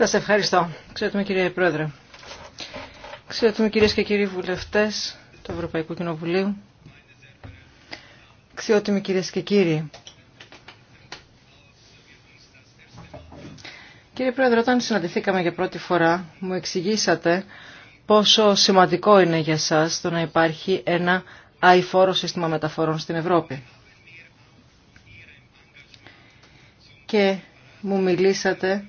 Σας ευχαριστώ. Ξέρετε κύριε Πρόεδρε. Ξέρετε κυρίες και κύριοι βουλευτές του Ευρωπαϊκού Κοινοβουλίου. Αξιότιμοι κυρίες και κύριοι. Κύριε Πρόεδρε, όταν συναντηθήκαμε για πρώτη φορά, μου εξηγήσατε πόσο σημαντικό είναι για σας το να υπάρχει ένα αηφόρο σύστημα μεταφορών στην Ευρώπη. Και μου μιλήσατε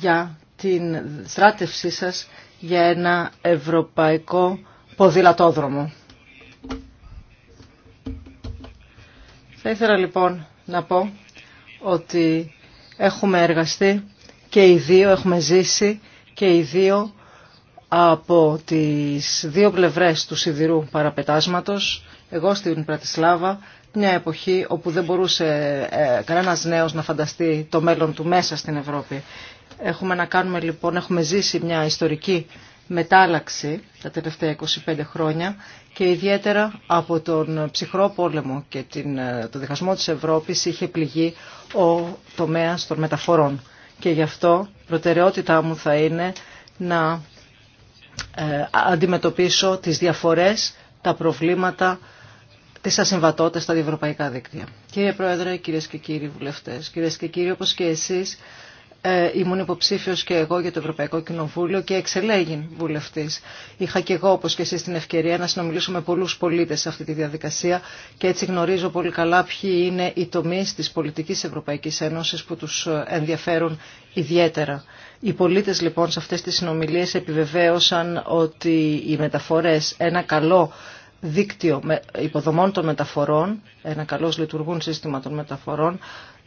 για την στράτευσή σας για ένα ευρωπαϊκό ποδηλατόδρομο. Θα ήθελα λοιπόν να πω ότι έχουμε εργαστεί και οι δύο, έχουμε ζήσει και οι δύο από τις δύο πλευρές του σιδηρού παραπετάσματος, εγώ στην Πρατισλάβα μια εποχή όπου δεν μπορούσε ε, κανένας νέος να φανταστεί το μέλλον του μέσα στην Ευρώπη. Έχουμε να κάνουμε λοιπόν, έχουμε ζήσει μια ιστορική μετάλλαξη τα τελευταία 25 χρόνια και ιδιαίτερα από τον ψυχρό πόλεμο και την, ε, το διχασμό της Ευρώπης είχε πληγεί ο τομέας των μεταφορών. Και γι' αυτό προτεραιότητά μου θα είναι να ε, αντιμετωπίσω τις διαφορές, τα προβλήματα, τη ασυμβατότητες στα διευρωπαϊκά δίκτυα. Κύριε Πρόεδρε, κυρίε και κύριοι βουλευτέ, κυρίε και κύριοι, όπω και εσεί, ε, ήμουν υποψήφιο και εγώ για το Ευρωπαϊκό Κοινοβούλιο και εξελέγην βουλευτή. Είχα και εγώ, όπω και εσεί, την ευκαιρία να συνομιλήσω με πολλού πολίτε σε αυτή τη διαδικασία και έτσι γνωρίζω πολύ καλά ποιοι είναι οι τομεί τη πολιτική Ευρωπαϊκή Ένωση που του ε, ενδιαφέρουν ιδιαίτερα. Οι πολίτε λοιπόν σε αυτέ τι συνομιλίε επιβεβαίωσαν ότι οι μεταφορές, ένα καλό δίκτυο υποδομών των μεταφορών, ένα καλώς λειτουργούν σύστημα των μεταφορών,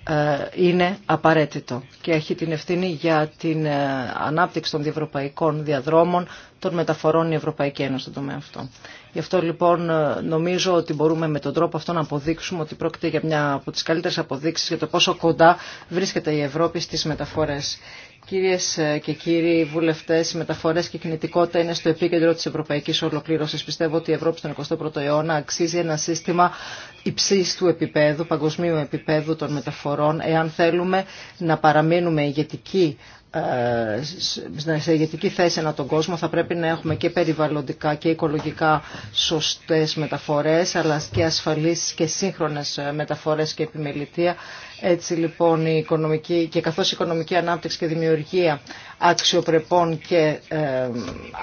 ε, είναι απαραίτητο και έχει την ευθύνη για την ε, ανάπτυξη των διευρωπαϊκών διαδρόμων των μεταφορών η Ευρωπαϊκή Ένωση στον τομέα αυτό. Γι' αυτό λοιπόν ε, νομίζω ότι μπορούμε με τον τρόπο αυτό να αποδείξουμε ότι πρόκειται για μια από τις καλύτερες αποδείξεις για το πόσο κοντά βρίσκεται η Ευρώπη στις μεταφορές. Κυρίες και κύριοι βουλευτές, οι μεταφορές και η κινητικότητα είναι στο επίκεντρο της ευρωπαϊκής ολοκλήρωσης. Πιστεύω ότι η Ευρώπη στον 21ο αιώνα αξίζει ένα σύστημα του επίπεδου, παγκοσμίου επίπεδου των μεταφορών, εάν θέλουμε να παραμείνουμε ηγετικοί... Ε, σε ηγετική θέση ανά τον κόσμο θα πρέπει να έχουμε και περιβαλλοντικά και οικολογικά σωστές μεταφορές αλλά και ασφαλείς και σύγχρονες ε, μεταφορές και επιμελητεία. Έτσι λοιπόν η οικονομική, και καθώς η οικονομική ανάπτυξη και δημιουργία αξιοπρεπών και ε,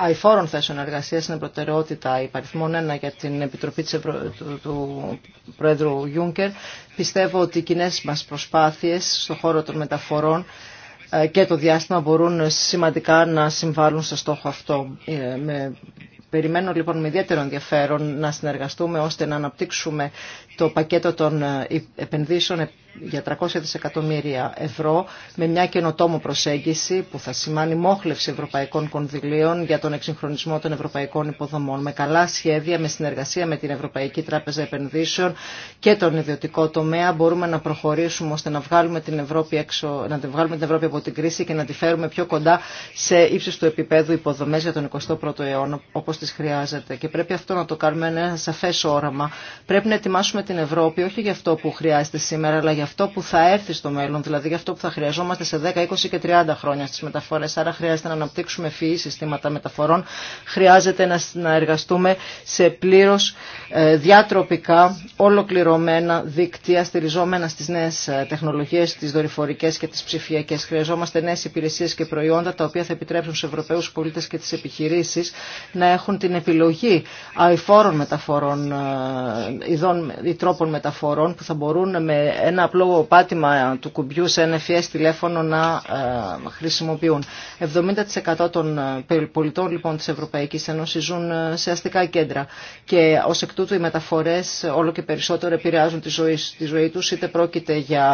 αηφόρων θέσεων εργασία είναι προτεραιότητα υπαριθμών ένα για την Επιτροπή της του... του Πρόεδρου Γιούνκερ. Πιστεύω ότι οι κοινέ μας προσπάθειες στον χώρο των μεταφορών ε, και το διάστημα μπορούν σημαντικά να συμβάλλουν στο στόχο αυτό. Ε, περιμένω λοιπόν με ιδιαίτερο ενδιαφέρον να συνεργαστούμε ώστε να αναπτύξουμε το πακέτο των ε, επενδύσεων για 300 δισεκατομμύρια ευρώ με μια καινοτόμο προσέγγιση που θα σημάνει μόχλευση ευρωπαϊκών κονδυλίων για τον εξυγχρονισμό των ευρωπαϊκών υποδομών με καλά σχέδια, με συνεργασία με την Ευρωπαϊκή Τράπεζα Επενδύσεων και τον ιδιωτικό τομέα μπορούμε να προχωρήσουμε ώστε να βγάλουμε την Ευρώπη, έξω, να την Ευρώπη από την κρίση και να τη φέρουμε πιο κοντά σε ύψιστο του επίπεδου υποδομές για τον 21ο αιώνα όπως τις χρειάζεται και πρέπει αυτό να το κάνουμε ένα σαφέ όραμα. Πρέπει να ετοιμάσουμε την Ευρώπη όχι για αυτό που χρειάζεται σήμερα αλλά για αυτό που θα έρθει στο μέλλον, δηλαδή για αυτό που θα χρειαζόμαστε σε 10, 20 και 30 χρόνια στις μεταφορές. Άρα χρειάζεται να αναπτύξουμε φυή συστήματα μεταφορών, χρειάζεται να εργαστούμε σε πλήρως ε, διατροπικά, ολοκληρωμένα δίκτυα, στηριζόμενα στις νέες ε, τεχνολογίες, τις δορυφορικές και τις ψηφιακές. Χρειαζόμαστε νέες υπηρεσίες και προϊόντα, τα οποία θα επιτρέψουν στους Ευρωπαίους πολίτες και τις επιχειρήσεις να έχουν την επιλογή αηφόρων μεταφορών, ε, ειδών, τρόπων μεταφορών που θα μπορούν με ένα απλό πάτημα του κουμπιού σε NFS τηλέφωνο να ε, χρησιμοποιούν. 70% των ε, πολιτών λοιπόν της Ευρωπαϊκής Ένωσης ζουν ε, σε αστικά κέντρα και ως εκ τούτου οι μεταφορές όλο και περισσότερο επηρεάζουν τη ζωή, τη ζωή τους είτε πρόκειται για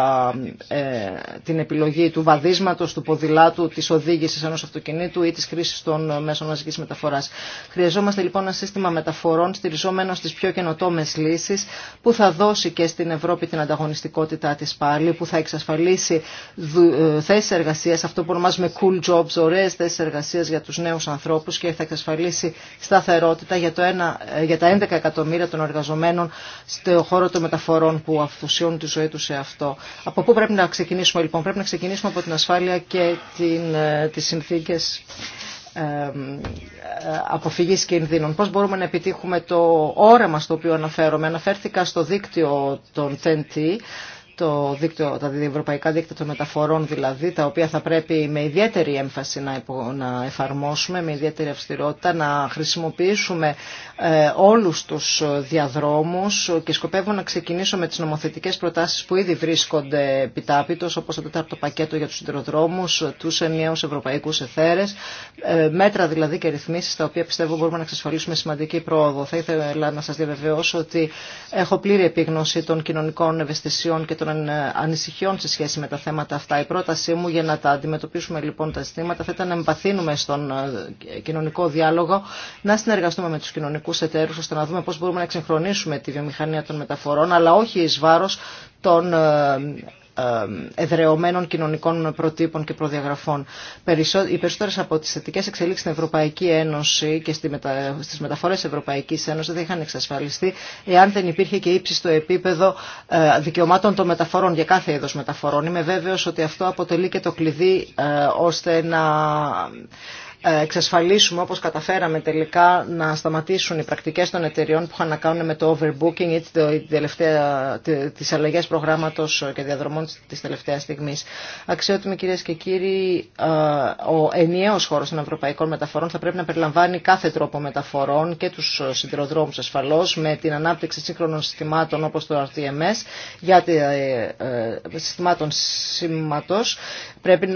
την επιλογή του βαδίσματος, του ποδηλάτου, της οδήγησης ενός αυτοκινήτου ή της χρήσης των μέσων μαζικής μεταφοράς. Χρειαζόμαστε λοιπόν ένα σύστημα μεταφορών στηριζόμενο στις πιο καινοτόμες λύσεις που θα δώσει και στην Ευρώπη την ανταγωνιστικότητα της πάλι που θα εξασφαλίσει ε, θέσεις εργασίας, αυτό που ονομάζουμε cool jobs, ωραίες θέσεις εργασίας για τους νέους ανθρώπους και θα εξασφαλίσει σταθερότητα για, το ένα, ε, για τα 11 εκατομμύρια των εργαζομένων στο χώρο των μεταφορών που αυθουσιώνουν τη ζωή τους σε αυτό. Από πού πρέπει να ξεκινήσουμε λοιπόν, πρέπει να ξεκινήσουμε από την ασφάλεια και την, ε, τις συνθήκες αποφυγής κινδύνων. Πώς μπορούμε να επιτύχουμε το όραμα στο οποίο αναφέρομαι. Αναφέρθηκα στο δίκτυο των TNT το δίκτυο, τα ευρωπαϊκά δίκτυα των μεταφορών δηλαδή, τα οποία θα πρέπει με ιδιαίτερη έμφαση να, να εφαρμόσουμε, με ιδιαίτερη αυστηρότητα, να χρησιμοποιήσουμε ε, όλους τους διαδρόμους και σκοπεύω να ξεκινήσω με τις νομοθετικές προτάσεις που ήδη βρίσκονται επιτάπητος, όπως το τέταρτο πακέτο για τους συντεροδρόμους, τους ενιαίους ευρωπαϊκούς εθέρες, ε, μέτρα δηλαδή και ρυθμίσεις τα οποία πιστεύω μπορούμε να εξασφαλίσουμε σημαντική πρόοδο. Θα ήθελα να σας διαβεβαιώσω ότι έχω πλήρη επίγνωση των κοινωνικών ευαισθησιών και των ε, ανησυχιών σε σχέση με τα θέματα αυτά. Η πρότασή μου για να τα αντιμετωπίσουμε λοιπόν τα ζητήματα θα ήταν να εμπαθύνουμε στον ε, κοινωνικό διάλογο, να συνεργαστούμε με τους κοινωνικούς εταίρους ώστε να δούμε πώς μπορούμε να εξυγχρονίσουμε τη βιομηχανία των μεταφορών, αλλά όχι εις βάρος των ε, εδρεωμένων κοινωνικών προτύπων και προδιαγραφών. Οι περισσότερε από τις θετικέ εξελίξεις στην Ευρωπαϊκή Ένωση και στις μεταφορές Ευρωπαϊκής Ένωση δεν είχαν εξασφαλιστεί εάν δεν υπήρχε και ύψιστο επίπεδο ε, δικαιωμάτων των μεταφορών για κάθε είδο μεταφορών. Είμαι βέβαιο ότι αυτό αποτελεί και το κλειδί ε, ώστε να ε, εξασφαλίσουμε όπως καταφέραμε τελικά να σταματήσουν οι πρακτικές των εταιριών που είχαν να κάνουν με το overbooking ή τις αλλαγές προγράμματος και διαδρομών της τελευταίας στιγμής. Αξιότιμοι κυρίες και κύριοι, ε, ο ενιαίος χώρος των ευρωπαϊκών μεταφορών θα πρέπει να περιλαμβάνει κάθε τρόπο μεταφορών και τους σιδηροδρόμους ασφαλώς με την ανάπτυξη σύγχρονων συστημάτων όπως το RTMS για ε, συστημάτων σήματος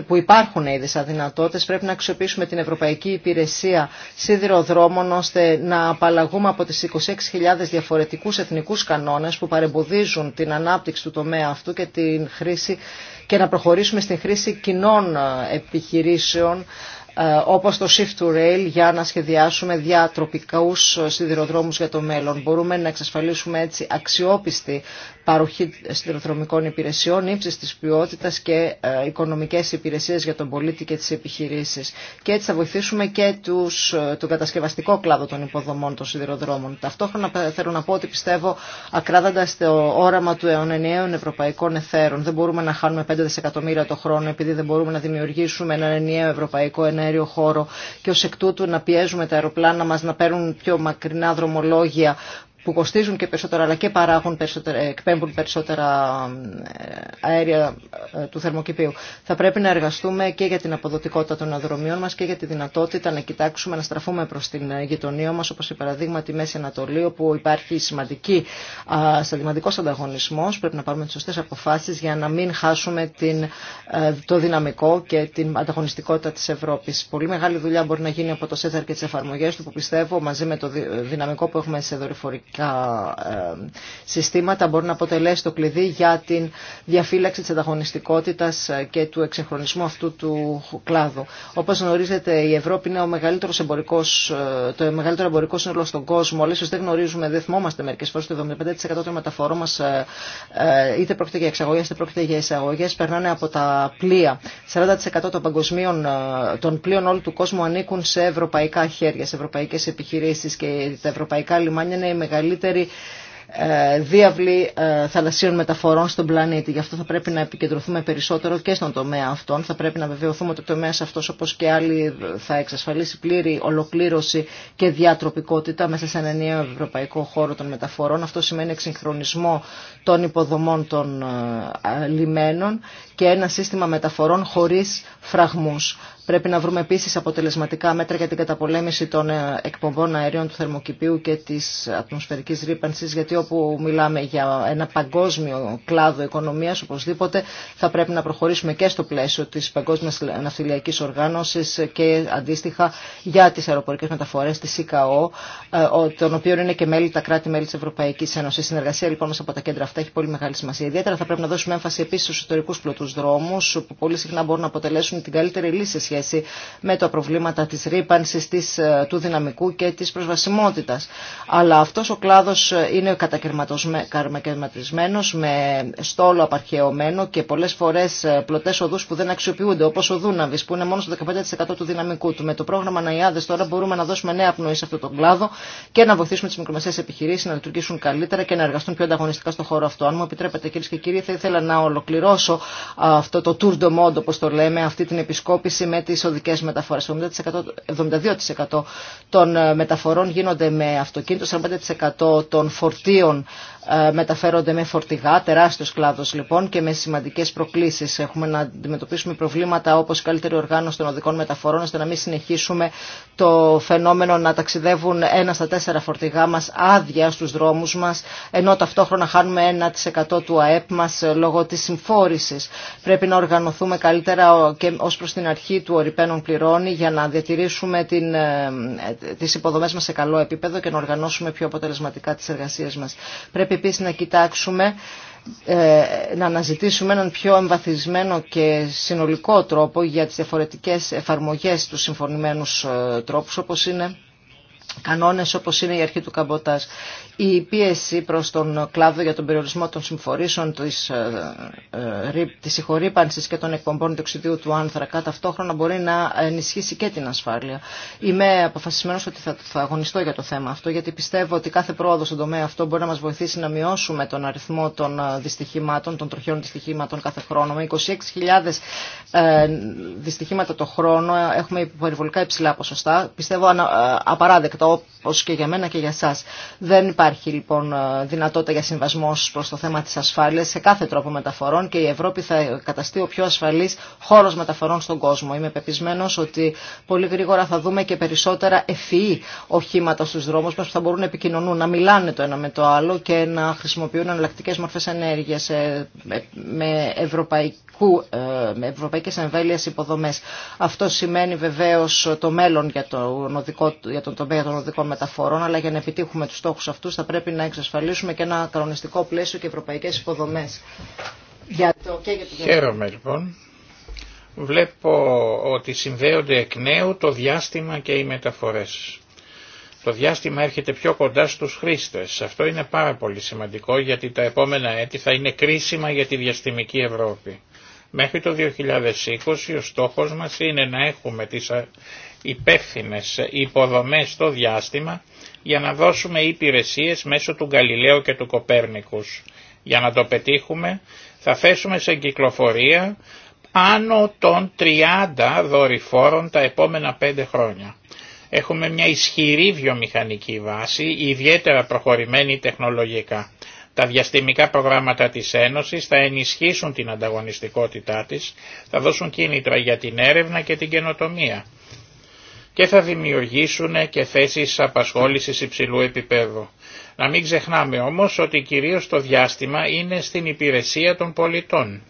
που υπάρχουν ήδη σαν δυνατότητες. Πρέπει να αξιοποιήσουμε την Ευρωπαϊκή Ευρωπαϊκή Υπηρεσία Σιδηροδρόμων ώστε να απαλλαγούμε από τις 26.000 διαφορετικούς εθνικούς κανόνες που παρεμποδίζουν την ανάπτυξη του τομέα αυτού και, την χρήση, και να προχωρήσουμε στην χρήση κοινών επιχειρήσεων ε, όπως το Shift to Rail για να σχεδιάσουμε διατροπικούς σιδηροδρόμους για το μέλλον. Μπορούμε να εξασφαλίσουμε έτσι αξιόπιστη παροχή σιδηροδρομικών υπηρεσιών, ύψης της ποιότητας και ε, οικονομικές υπηρεσίες για τον πολίτη και τις επιχειρήσεις. Και έτσι θα βοηθήσουμε και τους, ε, τον κατασκευαστικό κλάδο των υποδομών των σιδηροδρόμων. Ταυτόχρονα θέλω να πω ότι πιστεύω ακράδαντας το όραμα του αιωνενιαίων ευρωπαϊκών εθέρων. Δεν μπορούμε να χάνουμε 5 δισεκατομμύρια το χρόνο επειδή δεν μπορούμε να δημιουργήσουμε ένα ενιαίο ευρωπαϊκό αέριο χώρο και ως εκ τούτου να πιέζουμε τα αεροπλάνα μας να παίρνουν πιο μακρινά δρομολόγια που κοστίζουν και περισσότερα αλλά και παράγουν περισσότερα, εκπέμπουν περισσότερα ε, αέρια ε, του θερμοκηπίου. Θα πρέπει να εργαστούμε και για την αποδοτικότητα των αδρομιών μας και για τη δυνατότητα να κοιτάξουμε, να στραφούμε προς την ε, γειτονία μας όπως η παραδείγμα τη Μέση Ανατολή όπου υπάρχει σημαντική, σημαντικός ανταγωνισμός. Πρέπει να πάρουμε τις σωστές αποφάσεις για να μην χάσουμε την, το δυναμικό και την ανταγωνιστικότητα της Ευρώπης. Πολύ μεγάλη δουλειά μπορεί να γίνει από το Σέθαρ και τις εφαρμογές του που πιστεύω μαζί με το δυναμικό που έχουμε σε δορυφορική συστήματα μπορεί να αποτελέσει το κλειδί για την διαφύλαξη της ανταγωνιστικότητας ε, και του εξεχρονισμού αυτού του κλάδου. Όπως γνωρίζετε η Ευρώπη είναι ο μεγαλύτερος εμπορικός, ε, το μεγαλύτερο εμπορικό σύνολο στον κόσμο. Όλες δεν γνωρίζουμε, δεν θυμόμαστε μερικές φορές το 75% των μεταφορών μας ε, είτε πρόκειται για εξαγωγές είτε πρόκειται για εισαγωγές περνάνε από τα πλοία. 40% των παγκοσμίων των πλοίων όλου του κόσμου ανήκουν σε ευρωπαϊκά χέρια, σε ευρωπαϊκές επιχειρήσεις και τα ευρωπαϊκά λιμάνια είναι η μεγαλύτερη ε, διάβλη ε, θαλασσίων μεταφορών στον πλανήτη. Γι' αυτό θα πρέπει να επικεντρωθούμε περισσότερο και στον τομέα αυτόν. Θα πρέπει να βεβαιωθούμε ότι ο τομέα αυτό, όπω και άλλοι, θα εξασφαλίσει πλήρη ολοκλήρωση και διατροπικότητα μέσα σε ένα νέο ευρωπαϊκό χώρο των μεταφορών. Αυτό σημαίνει εξυγχρονισμό των υποδομών των ε, λιμένων και ένα σύστημα μεταφορών χωρί φραγμού. Πρέπει να βρούμε επίση αποτελεσματικά μέτρα για την καταπολέμηση των ε, εκπομπών αερίων του θερμοκηπίου και τη ατμοσφαιρική ρήπανση, γιατί όπου μιλάμε για ένα παγκόσμιο κλάδο οικονομία, οπωσδήποτε θα πρέπει να προχωρήσουμε και στο πλαίσιο τη Παγκόσμια Ναυτιλιακή Οργάνωση και αντίστοιχα για τι αεροπορικέ μεταφορέ τη ΙΚΑΟ, ε, των οποίων είναι και μέλη τα κράτη-μέλη τη Ευρωπαϊκή Ένωση. Η συνεργασία λοιπόν μα από τα κέντρα αυτά έχει πολύ μεγάλη σημασία. Ιδιαίτερα θα πρέπει να δώσουμε έμφαση επίση στου εσωτερικού πλωτού δρόμου, που πολύ συχνά μπορούν να αποτελέσουν την καλύτερη λύση σχέση με τα προβλήματα τη ρήπανση, ε, του δυναμικού και τη προσβασιμότητα. Αλλά αυτό ο κλάδο ε, είναι κατακαιρματισμένο, με στόλο απαρχαιωμένο και πολλέ φορέ ε, πλωτέ οδού που δεν αξιοποιούνται όπω ο Δούναβης που είναι μόνο στο 15% του δυναμικού του. Με το πρόγραμμα Ναϊάδε τώρα μπορούμε να δώσουμε νέα πνοή σε αυτόν τον κλάδο και να βοηθήσουμε τι μικρομεσαίες επιχειρήσει να λειτουργήσουν καλύτερα και να εργαστούν πιο ανταγωνιστικά στο χώρο αυτό. Αν μου επιτρέπετε κυρίε και κύριοι θα ήθελα να ολοκληρώσω αυτό το tour de monde, όπω το λέμε, αυτή την επισκόπηση με τις οδικές μεταφορές. 72% των ε, μεταφορών γίνονται με αυτοκίνητο, 45% των φορτίων ε, μεταφέρονται με φορτηγά, τεράστιος κλάδος λοιπόν και με σημαντικές προκλήσεις. Έχουμε να αντιμετωπίσουμε προβλήματα όπως καλύτερη οργάνωση των οδικών μεταφορών ώστε να μην συνεχίσουμε το φαινόμενο να ταξιδεύουν ένα στα τέσσερα φορτηγά μας άδεια στους δρόμους μας ενώ ταυτόχρονα χάνουμε 1% του ΑΕΠ μας ε, λόγω της συμφόρησης. Πρέπει να οργανωθούμε καλύτερα και ως προς την αρχή του ο Ριπένον πληρώνει για να διατηρήσουμε την, ε, τις υποδομές μας σε καλό επίπεδο και να οργανώσουμε πιο αποτελεσματικά τις εργασίες μας. Πρέπει επίσης να κοιτάξουμε ε, να αναζητήσουμε έναν πιο εμβαθισμένο και συνολικό τρόπο για τις διαφορετικές εφαρμογές του συμφωνημένους ε, τρόπους όπως είναι κανόνες όπως είναι η αρχή του καμποτάς. Η πίεση προς τον κλάδο για τον περιορισμό των συμφορήσεων, της, ε, ε, της συγχωρήπανσης και των εκπομπών διοξιδίου του άνθρακα ταυτόχρονα μπορεί να ενισχύσει και την ασφάλεια. Είμαι αποφασισμένος ότι θα, θα αγωνιστώ για το θέμα αυτό γιατί πιστεύω ότι κάθε πρόοδο στον τομέα αυτό μπορεί να μας βοηθήσει να μειώσουμε τον αριθμό των ε, δυστυχημάτων, των τροχιών δυστυχημάτων κάθε χρόνο. Με 26.000 ε, δυστυχήματα το χρόνο έχουμε υπερβολικά υψηλά ποσοστά. Πιστεύω απαράδεκτο Όπω όπως και για μένα και για εσά. Δεν υπάρχει λοιπόν ε, δυνατότητα για συμβασμό προς το θέμα της ασφάλειας σε κάθε τρόπο μεταφορών και η Ευρώπη θα καταστεί ο πιο ασφαλής χώρος μεταφορών στον κόσμο. Είμαι πεπισμένος ότι πολύ γρήγορα θα δούμε και περισσότερα ευφυή οχήματα στους δρόμους μα που θα μπορούν να επικοινωνούν, να μιλάνε το ένα με το άλλο και να χρησιμοποιούν εναλλακτικέ μορφές ενέργειας ε, με ευρωπαϊκή ε, με ευρωπαϊκές εμβέλειε Αυτό σημαίνει βεβαίω το μέλλον για τον, οδικό, για τον τομέα των οδικών μεταφορών, αλλά για να επιτύχουμε τους στόχους αυτούς θα πρέπει να εξασφαλίσουμε και ένα κανονιστικό πλαίσιο και ευρωπαϊκές υποδομές. Για το, και για το... Χαίρομαι λοιπόν. Βλέπω ότι συνδέονται εκ νέου το διάστημα και οι μεταφορές. Το διάστημα έρχεται πιο κοντά στους χρήστες. Αυτό είναι πάρα πολύ σημαντικό γιατί τα επόμενα έτη θα είναι κρίσιμα για τη διαστημική Ευρώπη. Μέχρι το 2020 ο στόχος μας είναι να έχουμε τις υπεύθυνε υποδομές στο διάστημα για να δώσουμε υπηρεσίες μέσω του Γαλιλαίου και του Κοπερνίκου, Για να το πετύχουμε θα θέσουμε σε κυκλοφορία πάνω των 30 δορυφόρων τα επόμενα 5 χρόνια. Έχουμε μια ισχυρή βιομηχανική βάση, ιδιαίτερα προχωρημένη τεχνολογικά. Τα διαστημικά προγράμματα της Ένωσης θα ενισχύσουν την ανταγωνιστικότητά της, θα δώσουν κίνητρα για την έρευνα και την καινοτομία και θα δημιουργήσουν και θέσεις απασχόλησης υψηλού επίπεδου. Να μην ξεχνάμε όμως ότι κυρίως το διάστημα είναι στην υπηρεσία των πολιτών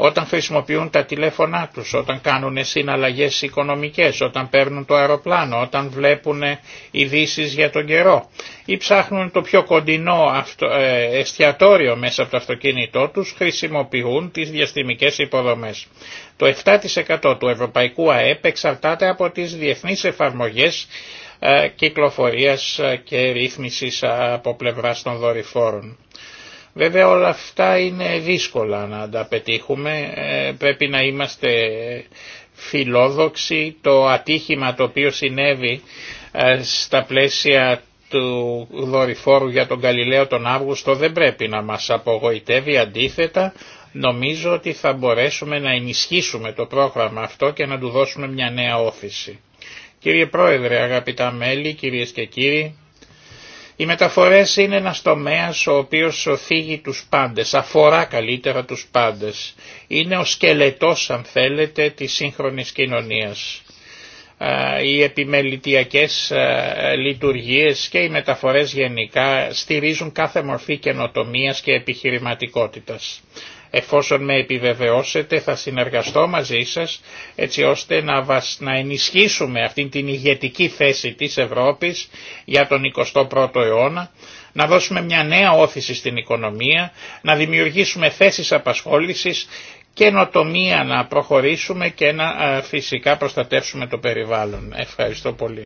όταν χρησιμοποιούν τα τηλέφωνά τους, όταν κάνουν συναλλαγές οικονομικές, όταν παίρνουν το αεροπλάνο, όταν βλέπουν ειδήσει για τον καιρό ή ψάχνουν το πιο κοντινό ε, εστιατόριο μέσα από το αυτοκίνητό τους, χρησιμοποιούν τις διαστημικές υποδομές. Το 7% του ευρωπαϊκού ΑΕΠ εξαρτάται από τις διεθνείς εφαρμογές ε, κυκλοφορίας ε, και ρύθμισης ε, από πλευρά των δορυφόρων. Βέβαια όλα αυτά είναι δύσκολα να τα πετύχουμε, ε, πρέπει να είμαστε φιλόδοξοι. Το ατύχημα το οποίο συνέβη ε, στα πλαίσια του δορυφόρου για τον Καλλιλέο τον Αύγουστο δεν πρέπει να μας απογοητεύει, αντίθετα νομίζω ότι θα μπορέσουμε να ενισχύσουμε το πρόγραμμα αυτό και να του δώσουμε μια νέα όθηση. Κύριε Πρόεδρε, αγαπητά μέλη, κυρίες και κύριοι, οι μεταφορές είναι ένας τομέας ο οποίος φύγει τους πάντες, αφορά καλύτερα τους πάντες. Είναι ο σκελετός αν θέλετε της σύγχρονης κοινωνίας. Οι επιμελητιακές λειτουργίες και οι μεταφορές γενικά στηρίζουν κάθε μορφή καινοτομίας και επιχειρηματικότητας. Εφόσον με επιβεβαιώσετε θα συνεργαστώ μαζί σας έτσι ώστε να, να ενισχύσουμε αυτή την ηγετική θέση της Ευρώπης για τον 21ο αιώνα, να δώσουμε μια νέα όθηση στην οικονομία, να δημιουργήσουμε θέσεις απασχόλησης, καινοτομία να προχωρήσουμε και να ε, φυσικά προστατεύσουμε το περιβάλλον. Ευχαριστώ πολύ.